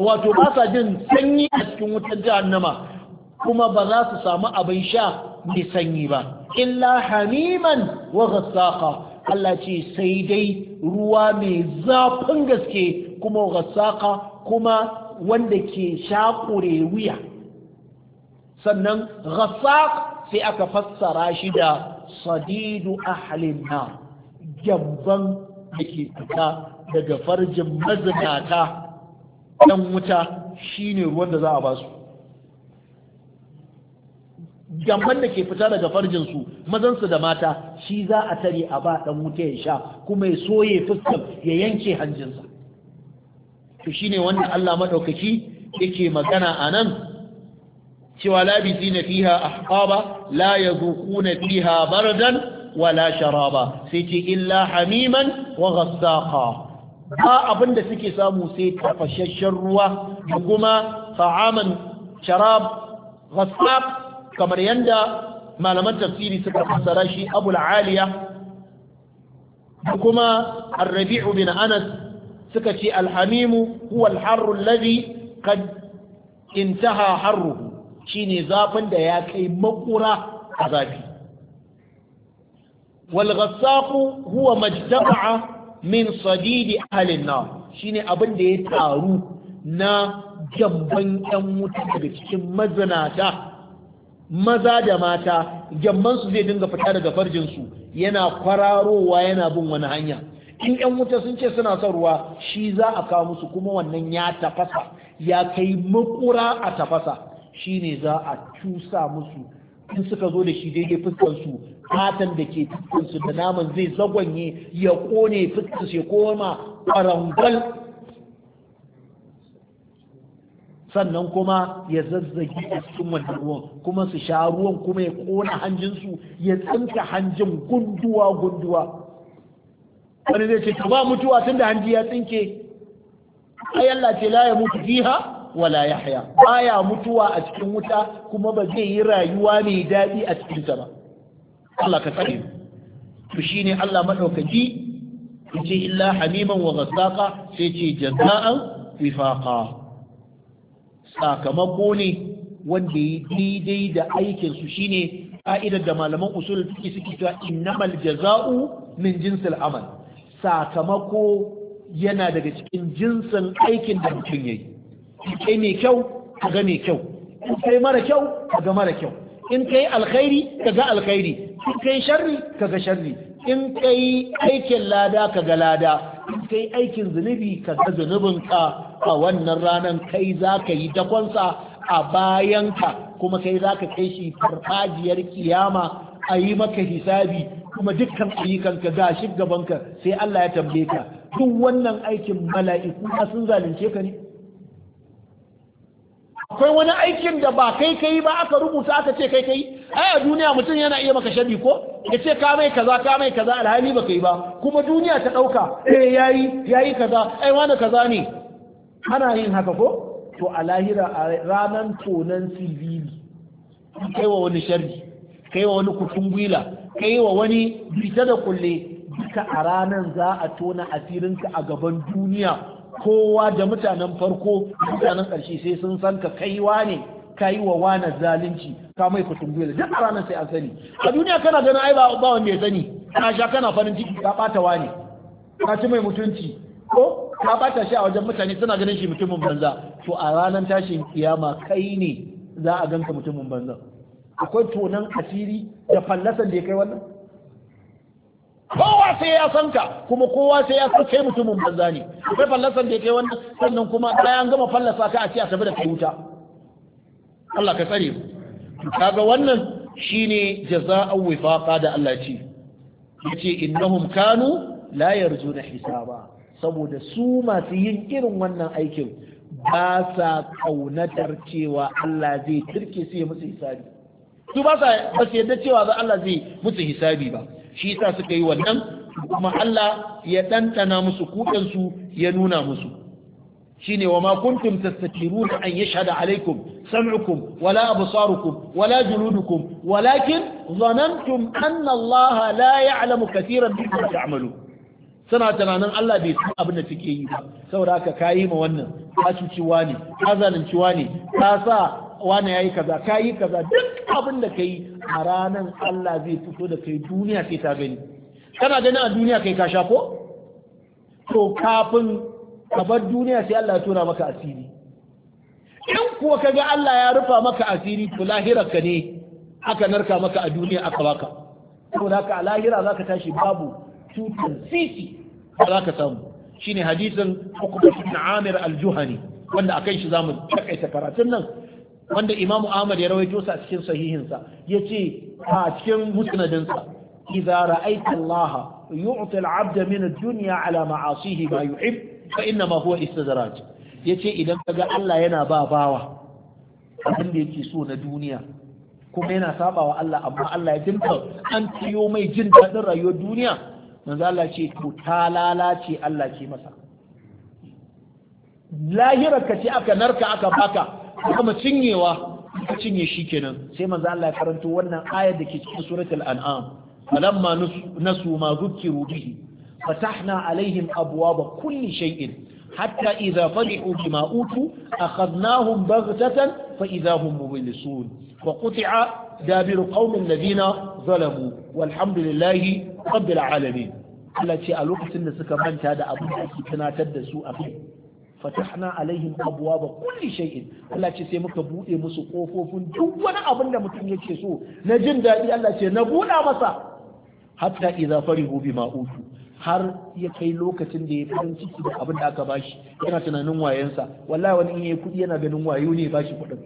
wato ba sa jin sanyi a cikin wutar jahannama kuma ba za su samu abin sha mai sanyi ba illa hamiman wa ghassaqa Allah ce sai dai ruwa mai zafin gaske kuma ghassaqa kuma wanda ke shakure wuya sannan ghassaq sai aka fassara shi da sadidu ahlin nar Gyambon da ke fita daga farjin mazinata ɗan wuta ne ruwan da za a ba su gamban da ke fita daga farjinsu mazansu da mata shi za a tare a ba ɗan wuta ya sha kuma ya soye fuskar ya yanke hanjinsa to ne wanda Allah maɗaukaki yake magana a nan cewa labisi na fiha ahqaba la yazuquna fiha bardan wala sharaba sai ce illa hamiman wa ghassaqa ba abin da suke samu sai tafashashen ruwa da kuma ta'aman sharab ghasab kamar yanda malaman tafsiri suka fassara shi abul aliya da kuma ar-rabi'u bin anas suka ce alhamimu huwa al-harru alladhi qad intaha harruhu shine zafin da ya kai makura a zafi wal ghassaqu huwa majtama'a min sadidi ahlin shi shine abin da ya taru na jamban yan wuta daga cikin mazanata maza da mata jamban su zai dinga fita daga farjin su yana kwararowa yana bin wani hanya in yan wuta sun ce suna son ruwa shi za a kawo musu kuma wannan ya tafasa ya kai makura a tafasa shine za a cusa musu in suka zo da shi daidai su fatan da ke su da naman zai zagwanye ya kone su ya koma ƙarangal sannan kuma ya zazzagi a cikin wannan ruwan kuma su sha ruwan kuma ya kona hanjinsu ya tsinka hanjin gunduwa gunduwa wani zai ce ta ba mutuwa tun da hanji ya tsinke ayyalla ce la ya mutu fiha wala yahya baya mutuwa a cikin wuta kuma ba zai yi rayuwa mai daɗi a cikin ta ba Allah ka tsare to shine Allah madaukaki yace illa hamiman wa ghasaqa sai ce jazaan wifaqa sakamako ne wanda yi daidai da aikin su shine ka'idar da malaman usul fiqh suke cewa innamal jaza'u min jinsil amal sakamako yana daga cikin jinsin aikin da mutum yayi kai mai kyau ka ga mai kyau in kai mara kyau ka ga mara kyau in kai alkhairi ka ga alkhairi in kai sharri ka ga sharri in kai aikin lada ka ga lada in kai aikin zunubi ka ga ka. a wannan ranar kai za ka yi dakonsa a bayanka kuma kai za ka kai shi farfajiyar kiyama a yi maka hisabi kuma dukkan ayyukanka ga shi gabanka sai Allah ya tambaye ka duk wannan aikin mala'iku sun zalunce ka ne akwai wani aikin da ba kai kai ba aka rubuta aka ce kai kai ai a duniya mutum yana iya maka shabi ko ya ce ka mai kaza ka mai kaza alhali ba kai ba kuma duniya ta ɗauka eh yayi yayi kaza ai wani kaza ne ana yin haka ko to a lahira a ranan tonan sibili kai wa wani sharri kai wa wani kutun gwila kai wa wani bita da kulle duka a ranar za a tona asirinka a gaban duniya kowa da mutanen farko mutanen ƙarshe sai sun san ka kaiwa ne ka yi wa wani zalunci ka mai kutun gwela duk a ranar sai an sani a duniya kana ganin ai ba wanda ya sani kana sha kana farin ciki ka ɓata ne. ka ci mai mutunci ko ka ɓata shi a wajen mutane suna ganin shi mutumin banza to a ranar tashin kiyama kai ne za a ganka mutumin banza akwai tonan asiri da fallasan da ya kai wannan kowa sai ya san ka kuma kowa sai ya san kai mutumin banza ne akwai fallasan da kai wannan sannan kuma bayan gama fallasa ka a ce a tafi da kai wuta Allah ka tsare mu kaga wannan shine jaza'u wifaqa da Allah ce yace innahum kanu la yarjuna hisaba saboda su masu yin irin wannan aikin ba sa kaunatar cewa Allah zai turke su ya musu hisabi su ba sa yadda cewa za Allah zai musu hisabi ba shi yasa suka yi wannan kuma Allah ya ɗanɗana musu kuɗansu ya nuna musu shine wa ma kuntum tastatiruna an yashhada alaikum sam'ukum wala absarukum wala juludukum walakin zanantum anna Allah la ya'lamu katiran mimma ta'malun suna tunanin Allah bai san abin da suke yi ba saboda haka kayi ma wannan ka cuci wani ka zalunci ka sa wani yayi kaza kayi kaza duk abin da kai a ranar Allah zai fito da kai duniya sai ta gani kana ganin a duniya kai ka sha ko to kafin ka bar duniya sai Allah ya tona maka asiri in kuwa ka ga Allah ya rufa maka asiri to lahira ka ne aka narka maka a duniya aka baka da a lahira za ka tashi babu tutun sisi ba za ka samu shine hadisin hukumar ibn Amir al-Juhani wanda akan shi zamu takaita karatun nan wanda imamu ahmad ya rawaito sa cikin sahihinsa ce a cikin musnadinsa idza ra'aita allaha yu'ti al-'abda min ad-dunya ala ma'asihi ma yuhib fa inna ma huwa istidraj yace idan kaga Allah yana ba bawa abin da yake so na duniya kuma yana saba wa Allah amma Allah ya dinka an tiyo mai jin dadin rayuwar duniya manzo Allah ce to ta lalace Allah ke masa lahirar ka ce aka narka aka baka kuma cinyewa ka cinye shi kenan sai manzo Allah ya karanto wannan ayar da ke cikin suratul an'am falamma nasu ma zukkiru bihi fatahna alaihim abwaba kulli shay'in hatta idza farihu bima utu akhadnahum baghtatan fa idza hum mublisun wa quti'a dabiru qaumin ladina zalamu walhamdulillahi rabbil alamin Allah ce a lokacin da suka manta da abin da ake tunatar da su a kai fatahna alaihim abwaba kulli shay'in Allah ce sai muka bude musu kofofin duk wani abin da mutum yake so na jin daɗi Allah ce na buɗa masa hatta idza farihu bima utu har ya kai lokacin da ya farin ciki da abin da aka bashi yana tunanin wayensa wallahi wani in yayi kuɗi yana ganin wayo ne bashi kuɗin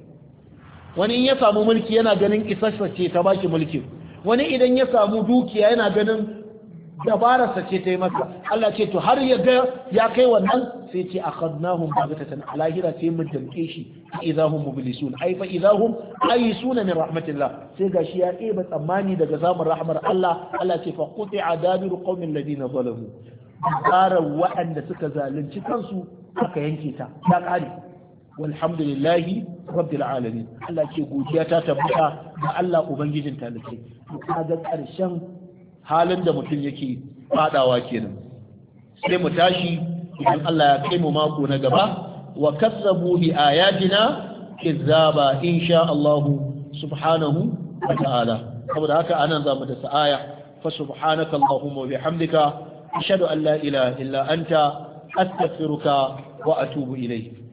wani in ya samu mulki yana ganin isassa ce ta bashi mulki wani idan ya samu dukiya yana ganin dabararsa ce ta yi masa Allah ce to har ya ga ya kai wannan sai ce a ta baghtatan alahira sai mu danke shi idahum mublisun ai fa ayi suna min rahmatillah sai gashi ya ɗeba tsammani daga samun rahmar Allah Allah ce fa quti'a dabiru qaumin ladina zalamu tsara waɗanda suka zalunci kansu aka yanke ta ta ƙare walhamdulillahi rabbil alamin Allah ce godiya ta tabbata ga Allah ubangijin talibai ga ƙarshen halin da mutum yake fadawa kenan sai mu tashi idan Allah ya kai mu mako na gaba wa kazzabu bi ayatina kizzaba insha Allah subhanahu wa ta'ala saboda haka anan zamu da sa'aya fa subhanaka allahumma wa bihamdika ashhadu an la ilaha illa anta astaghfiruka wa atubu ilayk